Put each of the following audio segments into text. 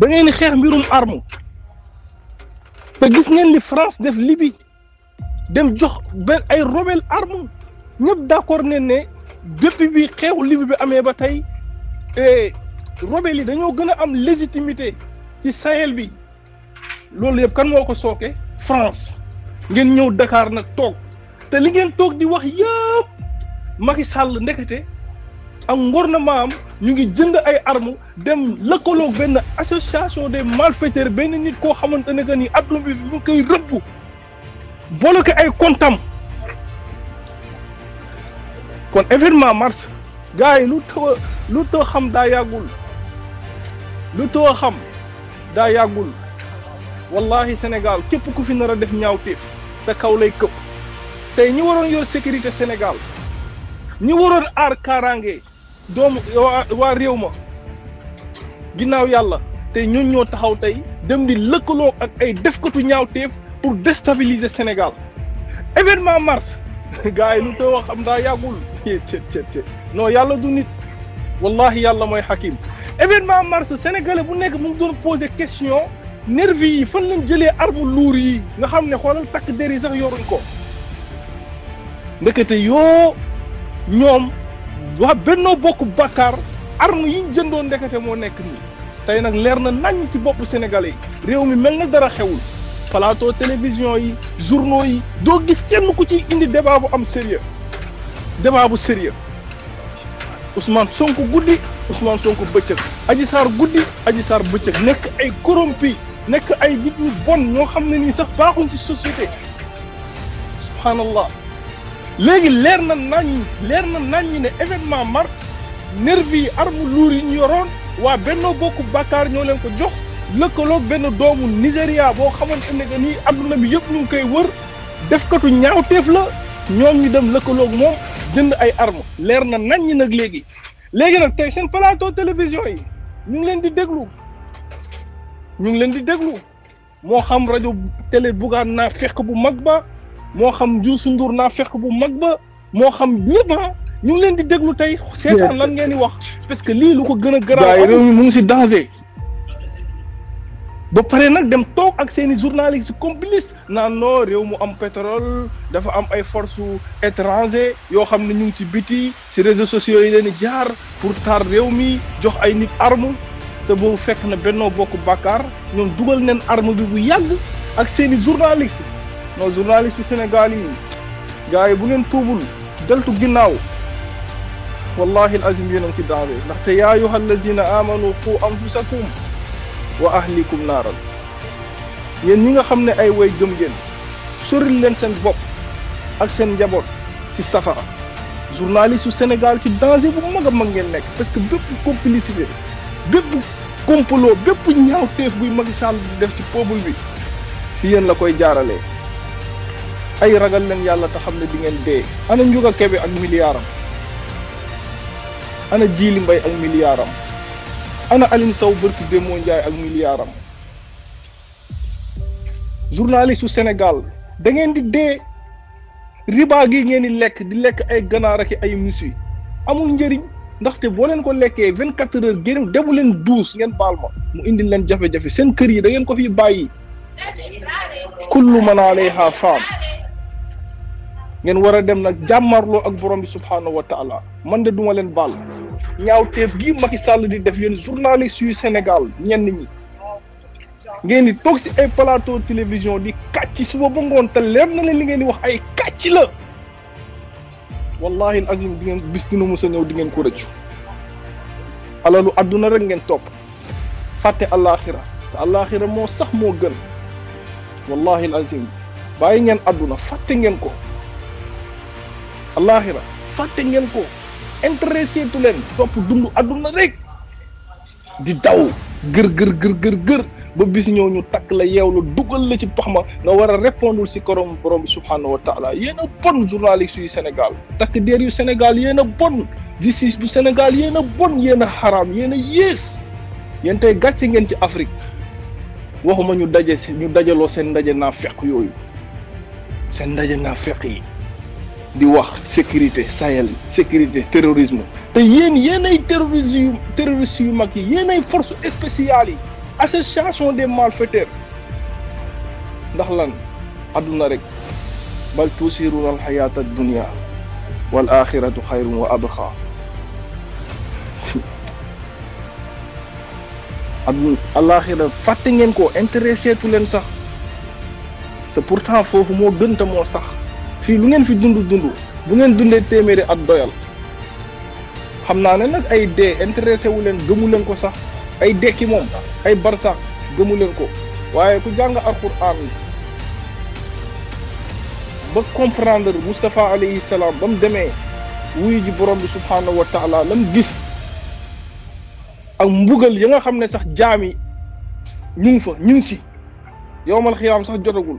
da ngeen di xeex mbirum arme te gis ngeen li France def Libye dem jox benn ay rebelle arme ñëpp d'accord ne ne depuis bi xeexu Libye bi amee ba tey eh, rebelle yi dañoo gën a am légitimité ci Sahel bi loolu yëpp kan moo ko sooke France ngeen ñëw dakaar nag toog te li ngeen toog di wax yëpp Macky Sall ndekete ak ngornement am ñu ngi jënd ay arm dem lëkkaloog benn association des malfaiteurs benn nit koo xamante ne que ni adduna bi koy rëbb bloqué ay comptam kon événement mars gars lu tëw lu tëw xam daa yàggul lu tëw xam daa yàggul wallahi Sénégal képp ku fi nar a def ñaawteef sa kaw lay këpp tey ñi waroon yor sécurité Sénégal ñi waroon aar kaaraange doomu waa waa réew ma ginnaaw yàlla te ñun ñoo taxaw tey dem di lëkkaloo ak ay defkatu ñaawteef pour déstabiliser Sénégal événement mars gars yi lu te wax xam daa yàggul non yàlla du nit wallahi yàlla mooy xakim événement mars sénégalais bu nekk mu ngi doon poser question nervi yi fan lañ jëlee arbu luur yi nga xam ne xoolal takk der yi sax yoruñ ko ndekete yoo ñoom waa bennoo bokk bakkaar arme yi ñu jëndoon ndekete moo nekk nii tey nag leer na nañ ci bopp sénégalais yi réew mi mel na dara xewul plateau télévision yi journaux yi doo gis kenn ku ci indi débat bu am sérieux débat bu sérieux Ousmane Sonko guddi Ousmane Sonko bëccëg Adji Sarr guddi Adji Sarr bëccëg nekk ay korompi nekk ay nit ñu bon ñoo xam ne nii sax baaxuñ ci société subhanallah léegi leer na nañ leer na nañ ne événement mar nervi yi arme lourd yi ñu yoroon waa Benno Bokk Bakaar ñoo leen ko jox lëkkaloog benn doomu Nigéria boo xamante ne que nii adduna bi yëpp ñu koy wër def defkatu ñaawteef la ñoom ñu dem lëkkaloog moom jënd ay arme leer na nañ nag léegi léegi nag tey seen plateau télévision yi ñu ngi leen di déglu ñu ngi leen di déglu moo xam rajo télé bugaan naa fekk bu mag ba moo xam Youssou Ndour naa fekk bu mag ba moo xam ñëpp ah, ñu ngi leen di déglu tey seetaan lan ngeen di wax parce que lii lu ko gën a garaaw réew mi mu ngi si danger ba pare nag dem toog ak seen i journalistes complice naan noo réew mu am pétrole dafa am ay force étranger yoo xam ne ñu ngi ci biti si réseaux sociaux yi leen di jaar pour taar réew mi jox ay nit arme te boobu fekk na bennoo bokk bàkkaar ñoom dugal neen arme bi bu yàgg ak seen i journalistes nos journalistes sénégalais yi gars yi bu ngeen tuubul deltu ginnaaw wallahi alazim yéen fi daawee ndaxte yaa ayuha allazina amanu qu anfusakum wa ahlikum naaran yéen ñi nga xam ne ay way gëm ngeen soril leen seen bopp ak seen njaboot ci safara journaliste yu Sénégal ci danger bu mag a mag ngeen nekk parce que bépp complicité bépp complot bépp ñaawteef buy Macky Sall def ci peuple bi si yéen la koy jaaralee ay ragal leen yàlla te xam ne di ngeen dee ana Ndiouga Kébé ak miliyaaram ana Djily Mbaye ak miliyaaram ana Aline Sow bërki Démo Ndiaye ak miliyaaram journaliste u Sénégal da ngeen di dee riba gi ngeen di lekk di lekk ay ganaar ak ay musi amul njëriñ ndaxte boo leen ko lekkee vingt quatre heures génn demu leen douze ngeen baal ma mu indi leen jafe-jafe seen kër yi da ngeen ko fi bàyyi kullu man alayha faan ngeen war a dem nag jàmmarloo ak borom bi subhanahu wa taala man de duma leen baal ñaawteef gi Macky Sall di def yéen journaliste yu Sénégal ñenn ñi ngeen di toog si ay plateau télévision di kàcc suba ba ngoon te leer na leen li ngeen di wax ay kàcc la wallahi azim di ngeen bis dina musa ñëw di ngeen ko rëccu alalu àdduna rek ngeen topp fàtte alaxira te alaxira moo sax moo gën wallahi azim bàyyi ngeen àdduna fàtte ngeen ko alaxira fatte ngeen ko intéressé tu leen topp dund aduna rek di daw ger ger ger ger ger ba bis ñëw ñu tak la yeewlu duggal la ci toxma nga wara répondre si korom borom subhanahu wa taala yena bon journaliste yu sénégal tak der yu sénégal yena bon justice bu sénégal yena bon yena haram yena yes a tay gatch ngeen ci afrique waxuma ñu dajé ñu dajalo sen dajé na fekk yoyu sen dajé na fekk yi di wax sécurité Sahel sécurité terrorisme te yéen yéenay terroristes yu terroristes yu mag yi ay force spéciale yi association des malfaiteurs ndax lan aduna rek bal tuusiruuna alxayaata addunia wal axiratu xayrun wa abqa adduna alaxira fàtte ngeen ko intéressé tu leen sax te pourtant foofu moo gënta moo sax fii lu ngeen fi dund dund bu ngeen dundee téeméeri ak doyal xam naa ne nag ay dee intéressé wu leen gëmu leen ko sax ay dekki moom ay barsax gëmu leen ko waaye ku jàng alxuraan ba comprendre Moustapha alayhi ba mu demee wuyu ji borom bi subhaanahu wa taala la mu gis ak mbugal ya nga xam ne sax jaam yi ñu ngi fa ñu ngi si yowmal xiyaam sax jotagul.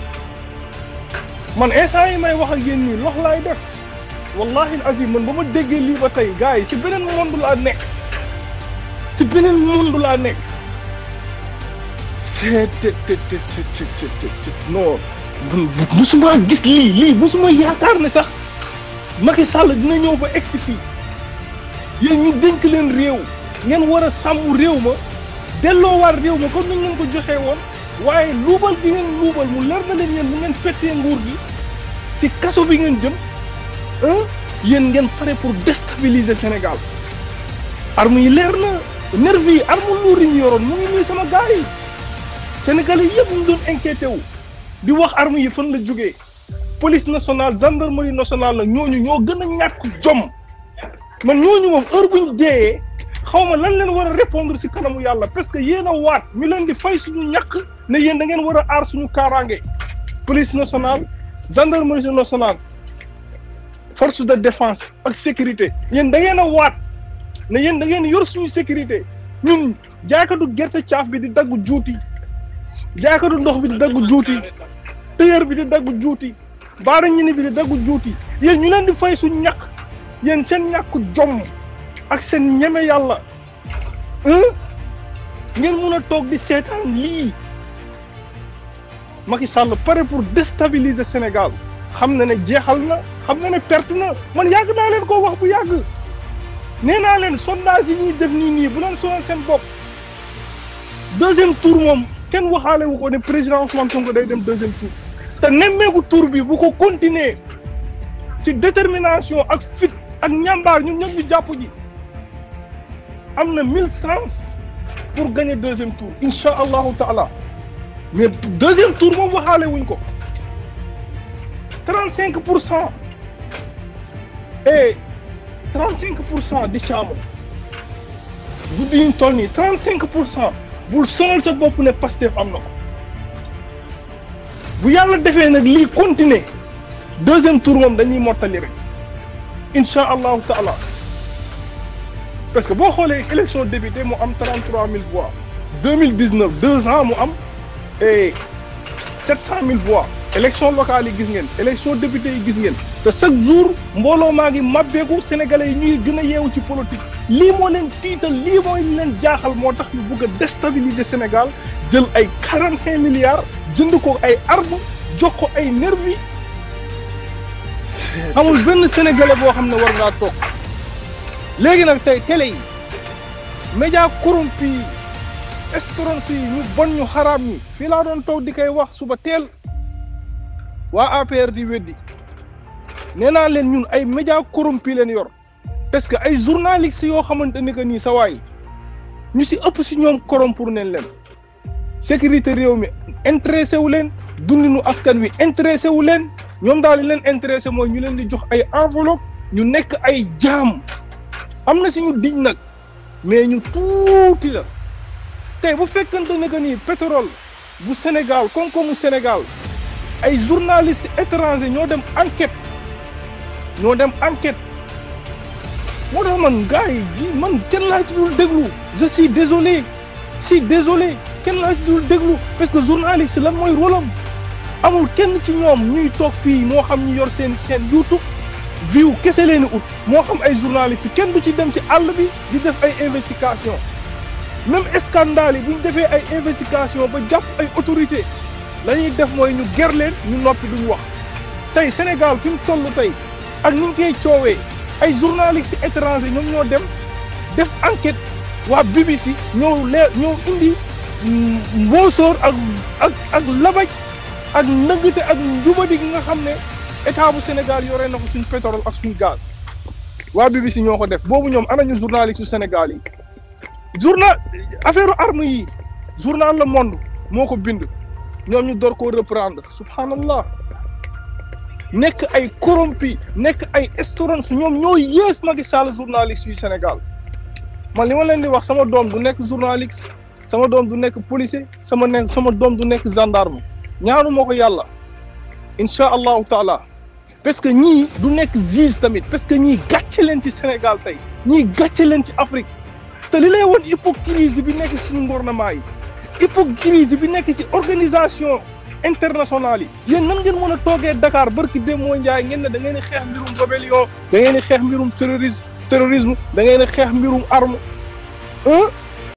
man instant yi may wax ak yéen nii lox laay def wallahi azim man ba ma déggee lii ba tey gars yi ci beneen monde laa nekk ci beneen monde laa nekk te te te te te te te non musuma gis lii lii musuma yaakaar ne sax Macky Sall dina ñëw ba egsi fii yéen ñu dénk leen réew ngeen war a sàmm réew ma delloo waar réew ma comme ni ñu ko joxee woon waaye luubal bi ngeen luubal mu leer na leen yéen mu ngeen fettee nguur gi ci kaso bi ngeen jëm ah yéen ngeen pare pour déstabiliser Sénégal arme yi leer na nervi yi arme luur yi yoroon mu ngi nii sama gars yi Sénégalais yëpp ñu doon inquiété wu di wax arme yi fan la jógee police nationale gendarmerie nationale la ñooñu ñoo gën a ñàkk jom man ñooñu moom heure buñ deeyee xaw ma lan leen war a répondre si kanamu yàlla parce que yéen a waat ñu leen di fay suñu ñàkk ne yéen da ngeen war a aar suñu kaaraange police nationale gendarmerie nationale force de défense ak sécurité. yéen da ngeen a waat ne yéen da ngeen yor suñu sécurité ñun jaaykatu gerte caaf bi di daggu juuti jaaykatu ndox bi di daggu juuti tëyër bi di daggu juuti baara ñini bi di daggu juuti yéen ñu leen di fay suñu ñàkk yéen seen ñàkku jom ak seen ñeme yàlla ngeen mun a toog di seetaan lii. Macky Sall pare pour déstabiliser Sénégal xam na ne jeexal na xam na ne perte na man yàgg naa leen ko wax bu yàgg nee naa leen sondage yi ñuy def nii nii bu leen sonal seen bopp deuxième tour moom kenn waxaale wu ko ne président Ousmane Sonko day dem deuxième tour te nemmeeku tour bi bu ko continuer ci détermination ak fit ak ñambaar ñun ñëpp ñu jàpp ji am na mille chances pour gagner deuxième tour incha allahu taala mais deuxième tour vous allez. wuñ ko 35 et 35 des Vous vous dites, 35 vous ne sonal sa ne Pastef am Vous allez bu yalla defee nak li continuer deuxième tour moom dañuy Parce rek si vous taala parce que bo xolé élection mo am 33 000 voix 2019 deux ans moi. am et eh, 700000 voix élection locale yi gis ngeen élection député yi gis ngeen te chaque jour mbolo maa ngi mabbeeku sénégalais yi ñuy gën a yeewu ci politique lii moo leen tiital lii mooy leen jaaxal moo tax ñu bugg a déstabiliser Sénégal jël ay 45 milliards jënd ko ay armes jox ko ay nervi amul benn sénégalais boo xam ne war ngaa toog léegi nag tey télé yi média corrompu escrocs yi ñu bon ñu xaraam ñi fii laa doon toog di koy wax suba teel waa APR di weddi nee naa leen ñun ay média corrompi leen yor parce que ay journaliste yoo xamante ni que nii sawaay ñu si ëpp si ñoom corrompre neen leen sécurité réew mi intéressé wu leen nu askan wi intéressé wu leen ñoom daal di leen intéressé mooy ñu leen di jox ay enveloppe ñu nekk ay jaam am na si ñu diñ nag mais ñu tuuti la. tey bu fekkante ne que ni pétrole bu Sénégal koom-koomu Sénégal ay journalistes étrangers ñoo dem enquête ñoo dem enquête moo tax man gars yi man kenn laa ci dul déglu je suis désolé suis désolé kenn laa dul déglu parce que journaliste lan mooy rôle amul kenn ci ñoom ñuy toog fii moo xam ñu yor seen seen YouTube view kese leen ut moo xam ay journalistes kenn du ci dem ci àll bi di def ay investigation même scandale yi défé ay investigation ba japp ay autorité lañuy ñuy def mooy ñu ger leen ñu nopi duñ wax tay Sénégal fi tollu tay ak ñu ngi ciowé ay journalistes étrangers ñoom ñoo dem def enquête wa BBC ñoo ñoo indi mboosoor ak ak ak labaj ak nëggte ak njubadi gi nga xamné état bu Sénégal yoré na ko suñ pétrole ak suñu gaz wa BBC ñoko ko def boobu ñoom ana ñu journalistes sénégalais journal affaire armes yi journal Le Monde moo ko bind ñoom ñu door koo reprendre subhanallah nekk ay corompi nekk ay estorance ñoom ñoo yées Macky Sall journaliste yu Sénégal man li ma leen di wax sama doom du nekk journaliste sama doom du nekk policier sama nekk sama doom du nekk gendarme ñaanu moo ko yàlla incha allahu taala parce que ñii du nekk juge tamit parce que ñii gàcce leen ci Sénégal tey ñii gàcce leen ci Afrique te li lay woon hypocrisie bi nekk suñu gouvernement yi hypocrisie bi nekk ci organisation internationale yi yéen nan ngeen mën a toogee Dakar barki Demba Ndiaye ngeen ne da ngeen di xeex mbirum rébellion da ngeen xeex mbirum terrorisme terrorisme da ngeen di xeex mbirum arm ah